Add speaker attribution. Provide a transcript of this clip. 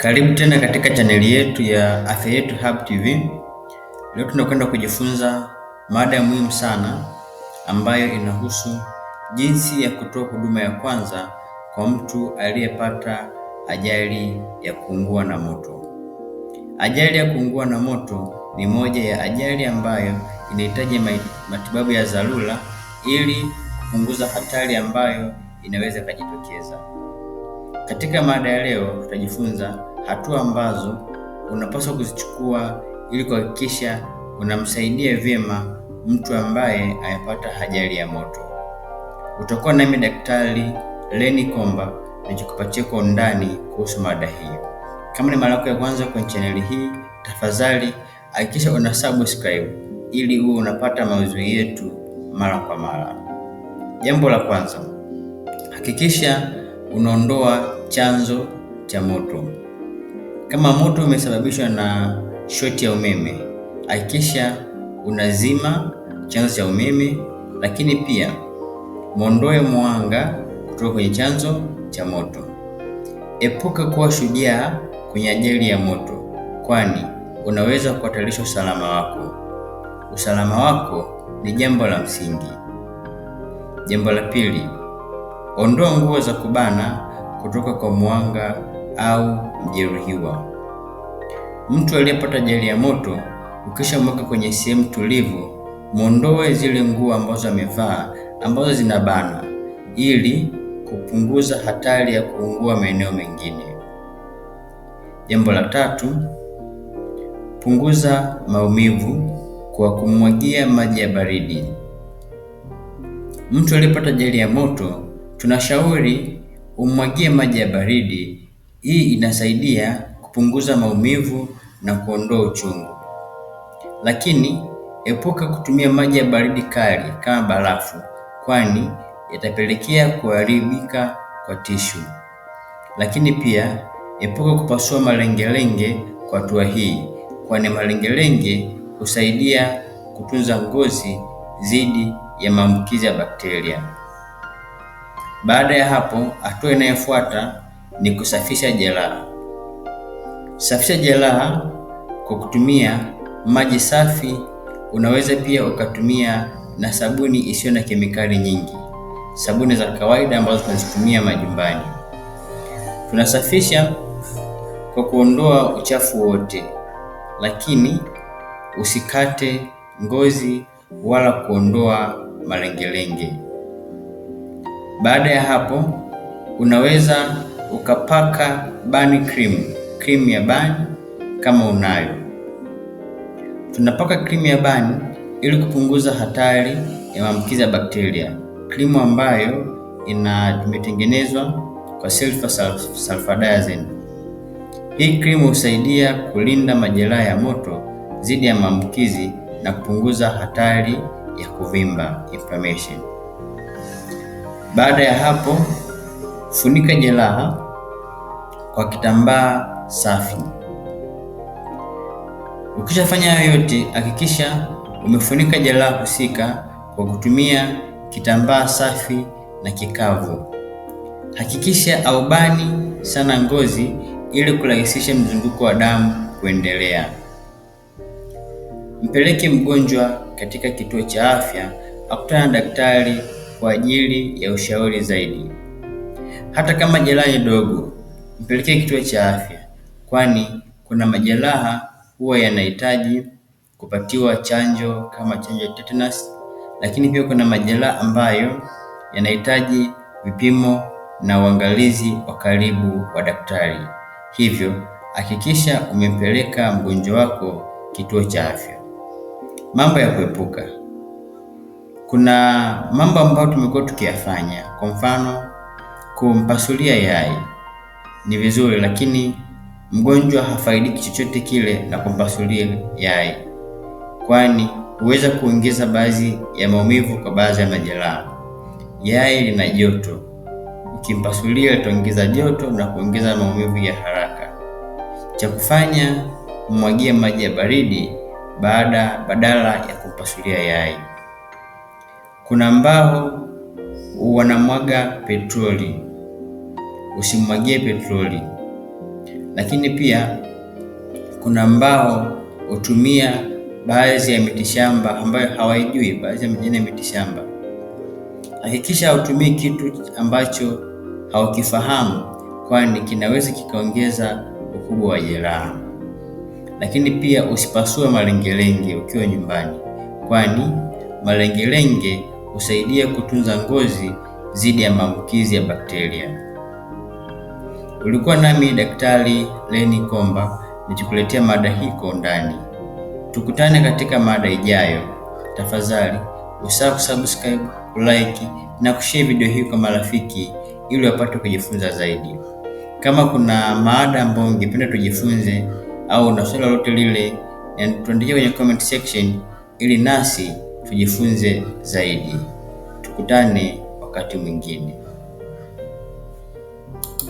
Speaker 1: Karibu tena katika chaneli yetu ya Afya Yetu Hub TV. Leo tunakwenda kujifunza mada muhimu sana ambayo inahusu jinsi ya kutoa huduma ya kwanza kwa mtu aliyepata ajali ya kuungua na moto. Ajali ya kuungua na moto ni moja ya ajali ambayo inahitaji matibabu ya dharura ili kupunguza hatari ambayo inaweza ikajitokeza. Katika mada ya leo tutajifunza hatua ambazo unapaswa kuzichukua ili kuhakikisha unamsaidia vyema mtu ambaye amepata ajali ya moto. Utakuwa nami Daktari Lenny Komba nikikupatia kwa undani kuhusu mada hiyo. Kama ni mara yako ya kwanza kwenye chaneli hii, tafadhali hakikisha una subscribe ili uwe unapata mauzo yetu mara kwa mara. Jambo la kwanza, hakikisha unaondoa chanzo cha moto. Kama moto umesababishwa na shoti ya umeme, hakikisha unazima chanzo cha umeme, lakini pia mwondoe mwanga kutoka kwenye chanzo cha moto. Epuka kuwa shujaa kwenye ajali ya moto, kwani unaweza kuhatarisha usalama wako. Usalama wako ni jambo la msingi. Jambo la pili, ondoa nguo za kubana kutoka kwa mwanga au mjeruhiwa. Mtu aliyepata ajali ya moto, ukishamweka kwenye sehemu tulivu, mwondoe zile nguo ambazo amevaa ambazo zinabana, ili kupunguza hatari ya kuungua maeneo mengine. Jambo la tatu, punguza maumivu kwa kumwagia maji ya baridi. Mtu aliyepata ajali ya moto tunashauri umwagie maji ya baridi hii inasaidia kupunguza maumivu na kuondoa uchungu, lakini epuka kutumia maji ya baridi kali kama barafu kwani yatapelekea kuharibika kwa tishu. Lakini pia epuka kupasua malengelenge kwa hatua hii kwani malengelenge husaidia kutunza ngozi dhidi ya maambukizi ya bakteria. Baada ya hapo hatua inayofuata ni kusafisha jeraha. Safisha jeraha kwa kutumia maji safi. Unaweza pia ukatumia na sabuni isiyo na kemikali nyingi, sabuni za kawaida ambazo tunazitumia majumbani. Tunasafisha kwa kuondoa uchafu wote, lakini usikate ngozi wala kuondoa malengelenge. Baada ya hapo, unaweza ukapaka bani cream, cream ya bani kama unayo. Tunapaka krimu ya bani ili kupunguza hatari ya maambukizi ya bakteria. Krimu ambayo imetengenezwa kwa sulfur sulfadiazine. Hii cream husaidia kulinda majeraha ya moto dhidi ya maambukizi na kupunguza hatari ya kuvimba inflammation. Baada ya hapo Funika jeraha kwa kitambaa safi. Ukishafanya hayo yote, hakikisha umefunika jeraha husika kwa kutumia kitambaa safi na kikavu. Hakikisha aubani sana ngozi ili kurahisisha mzunguko wa damu kuendelea. Mpeleke mgonjwa katika kituo cha afya akutana na daktari kwa ajili ya ushauri zaidi hata kama jeraha ni dogo, mpelekee kituo cha afya, kwani kuna majeraha huwa yanahitaji kupatiwa chanjo kama chanjo ya tetanus, lakini pia kuna majeraha ambayo yanahitaji vipimo na uangalizi wa karibu wa daktari. Hivyo hakikisha umempeleka mgonjwa wako kituo cha afya. Mambo ya kuepuka: kuna mambo ambayo tumekuwa tukiyafanya, kwa mfano Kumpasulia yai ni vizuri, lakini mgonjwa hafaidiki chochote kile na kumpasulia yai, kwani huweza kuongeza baadhi ya maumivu kwa baadhi ya majeraha. Yai lina joto, ukimpasulia litaongeza joto na kuongeza maumivu ya haraka. Cha kufanya mmwagie maji ya baridi baada badala ya kumpasulia yai. Kuna ambao wanamwaga petroli usimwagie petroli. Lakini pia kuna ambao hutumia baadhi ya mitishamba ambayo hawaijui, baadhi ya majina ya mitishamba. Hakikisha hautumii kitu ambacho haukifahamu, kwani kinaweza kikaongeza ukubwa wa jeraha. Lakini pia usipasue malengelenge ukiwa nyumbani, kwani malengelenge husaidia kutunza ngozi dhidi ya maambukizi ya bakteria. Ulikuwa nami Daktari Leni Komba nichikuletea mada hii kwa undani. Tukutane katika mada ijayo. Tafadhali usahau kusubscribe, kulike na kushare video hii kwa marafiki ili wapate kujifunza zaidi. Kama kuna mada ambayo ungependa tujifunze au una swali lolote lile, tuandikie kwenye comment section ili nasi tujifunze zaidi. Tukutane wakati mwingine.